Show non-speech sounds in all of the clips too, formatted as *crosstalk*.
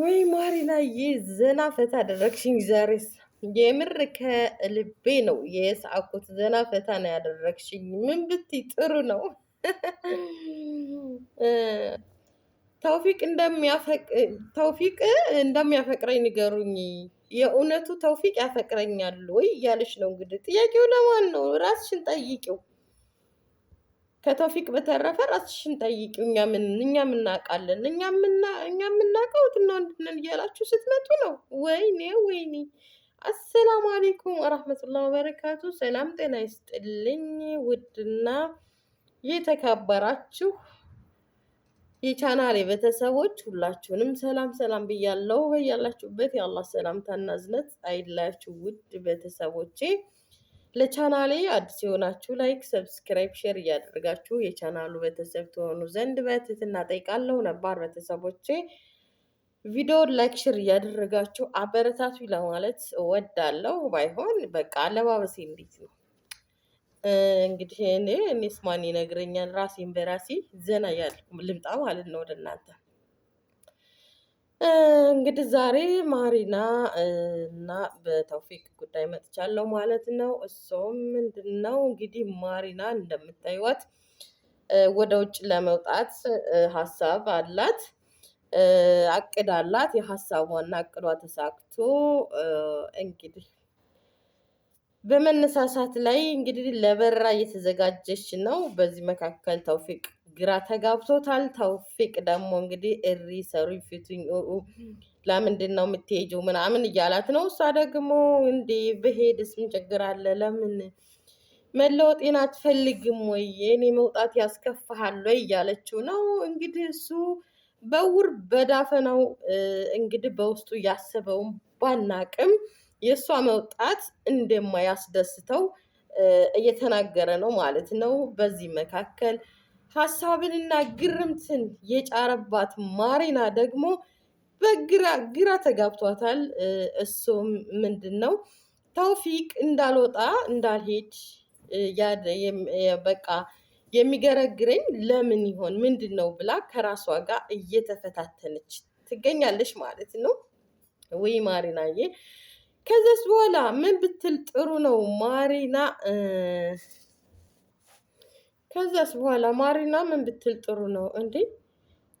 ወይ ማሪናዬ ዘና ፈታ አደረግሽኝ ዛሬስ። የምር ከልቤ ነው የሳቅሁት። ዘና ፈታ ነው ያደረግሽኝ። ምን ብትይ ጥሩ ነው። ተውፊቅ ተውፊቅ እንደሚያፈቅረኝ ንገሩኝ። የእውነቱ ተውፊቅ ያፈቅረኛል ወይ እያለች ነው እንግዲህ። ጥያቄው ለማን ነው? ራስሽን ጠይቂው። ከተውፊቅ በተረፈ ራስሽን ጠይቂው። እኛ ምን እኛ ምናውቃለን? እኛ የምናውቀው ትና ወንድነን እያላችሁ ስትመጡ ነው። ወይኔ ወይኔ። አሰላሙ አሌይኩም ወራህመቱላ ወበረካቱ። ሰላም ጤና ይስጥልኝ። ውድና የተከበራችሁ የቻናሌ ቤተሰቦች ሁላችሁንም ሰላም ሰላም ብያለሁ። በያላችሁበት የአላህ ሰላምታና እዝነት አይላችሁ ውድ ቤተሰቦቼ ለቻናሌ አዲስ የሆናችሁ ላይክ፣ ሰብስክራይብ፣ ሼር እያደረጋችሁ የቻናሉ ቤተሰብ ትሆኑ ዘንድ በትህትና ጠይቃለሁ። ነባር ቤተሰቦቼ ቪዲዮ ላይክ፣ ሼር እያደረጋችሁ አበረታቱ ለማለት እወዳለሁ። ባይሆን በቃ አለባበሴ እንዴት ነው እንግዲህ እኔ እኔስ ማን ይነግረኛል? ራሴን በራሴ ዘና ያልኩ ልምጣ ማለት ነው ወደ እናንተ እንግዲህ ዛሬ ማሪና እና በተውፊቅ ጉዳይ መጥቻለሁ ማለት ነው። እሱም ምንድን ነው እንግዲህ ማሪና እንደምታዩት ወደ ውጭ ለመውጣት ሀሳብ አላት፣ አቅድ አላት። የሀሳቧና አቅዷ ተሳክቶ እንግዲህ በመነሳሳት ላይ እንግዲህ ለበራ እየተዘጋጀች ነው። በዚህ መካከል ተውፊቅ ግራ ተጋብቶታል። ተውፊቅ ደግሞ እንግዲህ እሪ ሰሩኝ ፊቱኝ ለምንድን ነው የምትሄጂው? ምናምን እያላት ነው። እሷ ደግሞ እንዴ ብሄድስ ምን ችግር አለ? ለምን መለወጤን አትፈልግም ወይ? እኔ መውጣት ያስከፋሃል ወይ? እያለችው ነው እንግዲህ እሱ በውር በዳፈናው እንግዲህ በውስጡ ያሰበውን ባናቅም የእሷ መውጣት እንደማያስደስተው እየተናገረ ነው ማለት ነው። በዚህ መካከል ሀሳብንና ግርምትን የጫረባት ማሪና ደግሞ በግራ ግራ ተጋብቷታል። እሱ ምንድን ነው ተውፊቅ እንዳልወጣ እንዳልሄድ በቃ የሚገረግረኝ ለምን ይሆን ምንድን ነው ብላ ከራሷ ጋር እየተፈታተነች ትገኛለች ማለት ነው። ወይ ማሪናዬ፣ ከዛስ በኋላ ምን ብትል ጥሩ ነው ማሪና ከዛስ በኋላ ማሪና ምን ብትል ጥሩ ነው እንዴ?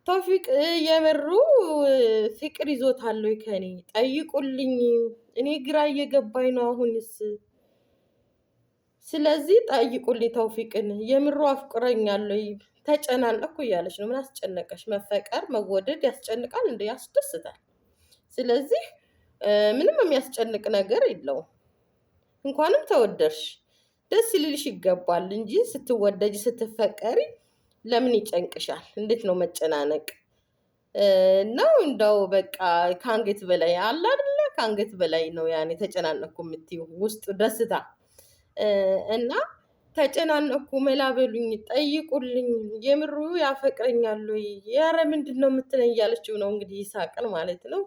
ቶፊቅ የበሩ ፍቅር ይዞታል ወይ ከኔ ጠይቁልኝ። እኔ ግራ እየገባኝ ነው አሁንስ። ስለዚህ ጠይቁልኝ ቶፊቅን፣ የምሩ አፍቅረኛል ወይ ተጨናነቅኩ እያለች ነው። ምን አስጨነቀሽ? መፈቀር መወደድ ያስጨንቃል እንዴ? ያስደስታል። ስለዚህ ምንም የሚያስጨንቅ ነገር የለውም። እንኳንም ተወደርሽ ደስ ሊልሽ ይገባል እንጂ ስትወደጅ ስትፈቀሪ ለምን ይጨንቅሻል? እንዴት ነው መጨናነቅ ነው? እንደው በቃ ከአንገት በላይ አለ አይደለ? ከአንገት በላይ ነው ያኔ ተጨናነኩ የምትይው ውስጥ ደስታ እና ተጨናነኩ መላበሉኝ ጠይቁልኝ፣ የምሩ ያፈቅረኛሉ ያረ ምንድን ነው የምትለኝ እያለችው ነው እንግዲህ ይሳቅን ማለት ነው።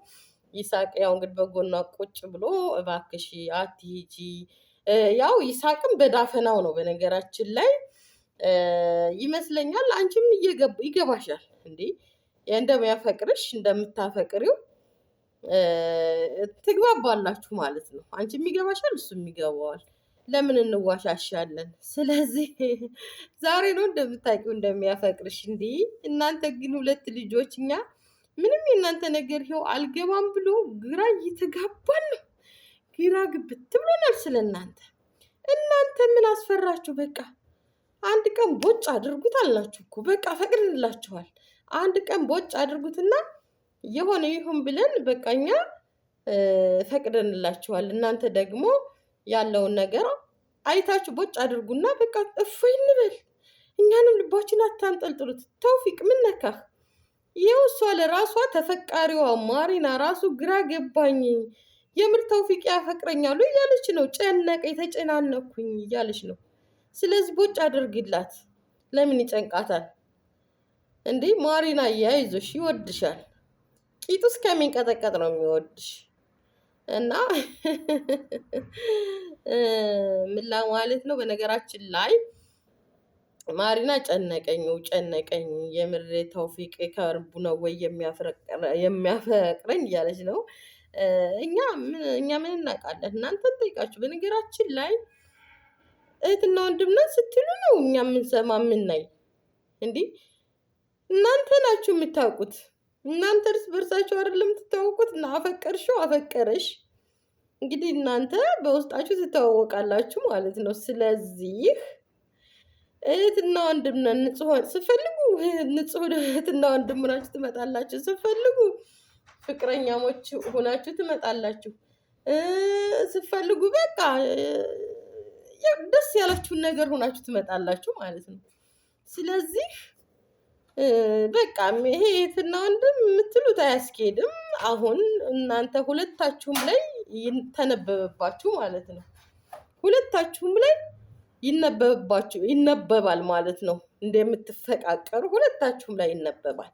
ይሳቅ ያው እንግዲህ በጎኗ ቁጭ ብሎ እባክሽ አትሂጂ ያው ይሳቅም በዳፈናው ነው በነገራችን ላይ ይመስለኛል። አንቺም ይገባሻል እንዴ እንደሚያፈቅርሽ እንደምታፈቅሪው ትግባባላችሁ ማለት ነው። አንቺም ይገባሻል፣ እሱም ይገባዋል። ለምን እንዋሻሻለን? ስለዚህ *laughs* ዛሬ ነው እንደምታውቂው እንደሚያፈቅርሽ። እንዲህ እናንተ ግን ሁለት ልጆች፣ እኛ ምንም የእናንተ ነገር ይኸው አልገባም ብሎ ግራ እየተጋባን ነው። ግራ ግብት ብሎናል ስለ እናንተ። እናንተ ምን አስፈራችሁ? በቃ አንድ ቀን ቦጭ አድርጉት አላችሁ እኮ በቃ ፈቅድንላችኋል። አንድ ቀን ቦጭ አድርጉትና የሆነ ይሁን ብለን በቃ እኛ ፈቅደንላችኋል። እናንተ ደግሞ ያለውን ነገር አይታችሁ ቦጭ አድርጉና በቃ እፎይ እንበል። እኛንም ልባችን አታንጠልጥሉት። ተውፊቅ ምን ነካህ? ይኸው እሷ ለራሷ ተፈቃሪዋ ማሪና ራሱ ግራ ገባኝ የምር ተውፊቅ ያፈቅረኛሉ እያለች ነው። ጨነቀ የተጨናነኩኝ እያለች ነው። ስለዚህ ቦጭ አድርግላት። ለምን ይጨንቃታል እንዴ? ማሪና አያይዞሽ ይወድሻል። ቂጡ እስከሚንቀጠቀጥ ነው የሚወድሽ እና *laughs* ምላ ማለት ነው። በነገራችን ላይ ማሪና ጨነቀኝ ጨነቀኝ የምሬ ተውፊቅ ከርቡ ነው ወይ የሚያፈቅረኝ እያለች ነው። እኛ እኛ ምን እናውቃለን? እናንተ ጠይቃችሁ። በነገራችን ላይ እህትና ወንድምነት ስትሉ ነው እኛ የምንሰማ የምናይ። እንዲህ እናንተ ናችሁ የምታውቁት። እናንተ እርስ በርሳችሁ አይደለም የምትታወቁት። እና አፈቀርሽው አፈቀረሽ እንግዲህ እናንተ በውስጣችሁ ትተዋወቃላችሁ ማለት ነው። ስለዚህ እህትና ወንድምነት ንጹህ ስፈልጉ ንጹህ እህትና ወንድም ትመጣላችሁ ስፈልጉ ፍቅረኛሞች ሆናችሁ ትመጣላችሁ። ስትፈልጉ በቃ ደስ ያላችሁን ነገር ሆናችሁ ትመጣላችሁ ማለት ነው። ስለዚህ በቃ ይሄ የትና ወንድም የምትሉት አያስኬድም። አሁን እናንተ ሁለታችሁም ላይ ተነበበባችሁ ማለት ነው። ሁለታችሁም ላይ ይነበበባችሁ ይነበባል ማለት ነው። እንደምትፈቃቀሩ ሁለታችሁም ላይ ይነበባል።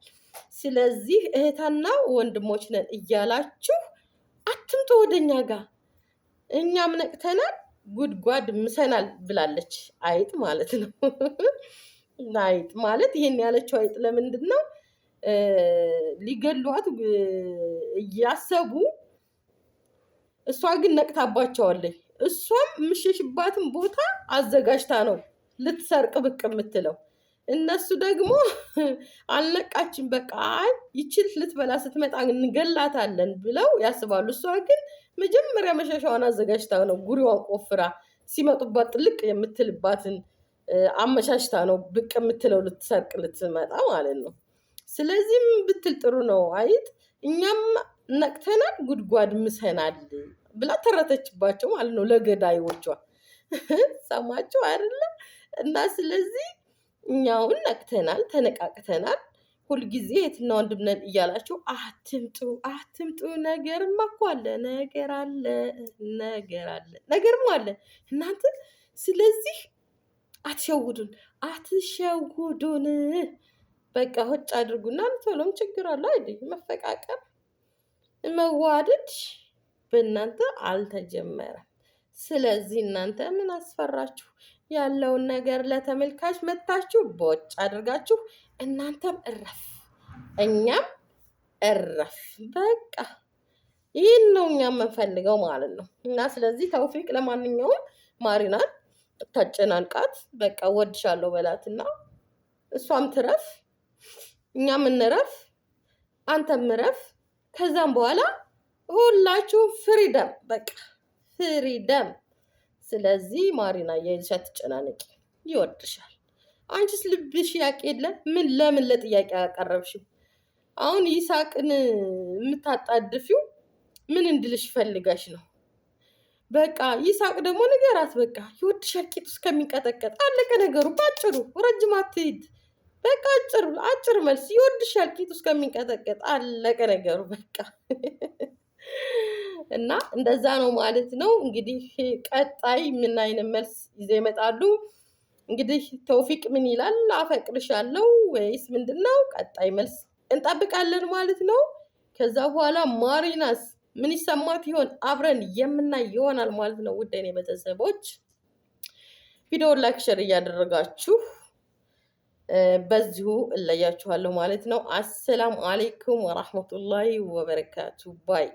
ስለዚህ እህታና ወንድሞች ነን እያላችሁ አትምቶ ወደኛ ጋር እኛም ነቅተናል፣ ጉድጓድ ምሰናል ብላለች አይጥ ማለት ነው። አይጥ ማለት ይሄን ያለችው አይጥ ለምንድን ነው? ሊገሏት እያሰቡ እሷ ግን ነቅታባቸዋለች። እሷም የምሸሽባትን ቦታ አዘጋጅታ ነው ልትሰርቅ ብቅ የምትለው። እነሱ ደግሞ *laughs* አልነቃችን፣ በቃ ይችል ልትበላ ስትመጣ እንገላታለን ብለው ያስባሉ። እሷ ግን መጀመሪያ መሻሻዋን አዘጋጅታ ነው ጉሪዋን ቆፍራ ሲመጡባት ጥልቅ የምትልባትን አመሻሽታ ነው ብቅ የምትለው ልትሰርቅ ልትመጣ ማለት ነው። ስለዚህም ብትል ጥሩ ነው። አይጥ እኛም ነቅተናል፣ ጉድጓድ ምሰናል ብላ ተረተችባቸው ማለት ነው ለገዳይዎቿ። *laughs* ሰማቸው አይደለም እና ስለዚህ እኛውን ነቅተናል፣ ተነቃቅተናል። ሁልጊዜ የትና ወንድም ነን እያላችሁ አትምጡ አትምጡ። ነገርማ እኮ አለ፣ ነገር አለ፣ ነገር አለ፣ ነገርም አለ እናንተ። ስለዚህ አትሸውዱን፣ አትሸውዱን። በቃ ሆጭ አድርጉና ቶሎም ችግር አለ አይደል? መፈቃቀር መዋደድ በእናንተ አልተጀመረም። ስለዚህ እናንተ ምን አስፈራችሁ? ያለውን ነገር ለተመልካች መታችሁ በወጭ አድርጋችሁ እናንተም እረፍ፣ እኛም እረፍ። በቃ ይህን ነው እኛ የምንፈልገው ማለት ነው። እና ስለዚህ ተውፊቅ ለማንኛውም ማሪናን ታጨናንቃት በቃ ወድሻለሁ በላትና እሷም ትረፍ፣ እኛም እንረፍ፣ አንተም እረፍ። ከዛም በኋላ ሁላችሁ ፍሪደም በቃ ፍሪደም ስለዚህ ማሪና አያይዘሽ አትጨናነቂ፣ ይወድሻል። አንቺስ ልብሽ ያቅ የለ ምን ለምን ለጥያቄ አቀረብሽው አሁን ይሳቅን የምታጣድፊው ምን እንድልሽ ፈልጋሽ ነው? በቃ ይሳቅ ደግሞ ንገራት፣ በቃ ይወድሻል። ቂጡ እስከሚንቀጠቀጥ አለቀ ነገሩ። በአጭሩ ረጅም አትሂድ። በቃ አጭር አጭር መልስ፣ ይወድሻል። ቂጡ እስከሚንቀጠቀጥ አለቀ ነገሩ በቃ እና እንደዛ ነው ማለት ነው። እንግዲህ ቀጣይ ምን አይነት መልስ ይዘው ይመጣሉ? እንግዲህ ተውፊቅ ምን ይላል? አፈቅርሻለሁ ወይስ ምንድን ነው? ቀጣይ መልስ እንጠብቃለን ማለት ነው። ከዛ በኋላ ማሪናስ ምን ይሰማት ይሆን? አብረን የምናይ ይሆናል ማለት ነው። ውድ የኔ ቤተሰቦች ቪዲዮውን ላይክ፣ ሸር እያደረጋችሁ በዚሁ እለያችኋለሁ ማለት ነው። አሰላም አሌይኩም ወራህመቱላሂ ወበረካቱ ባይ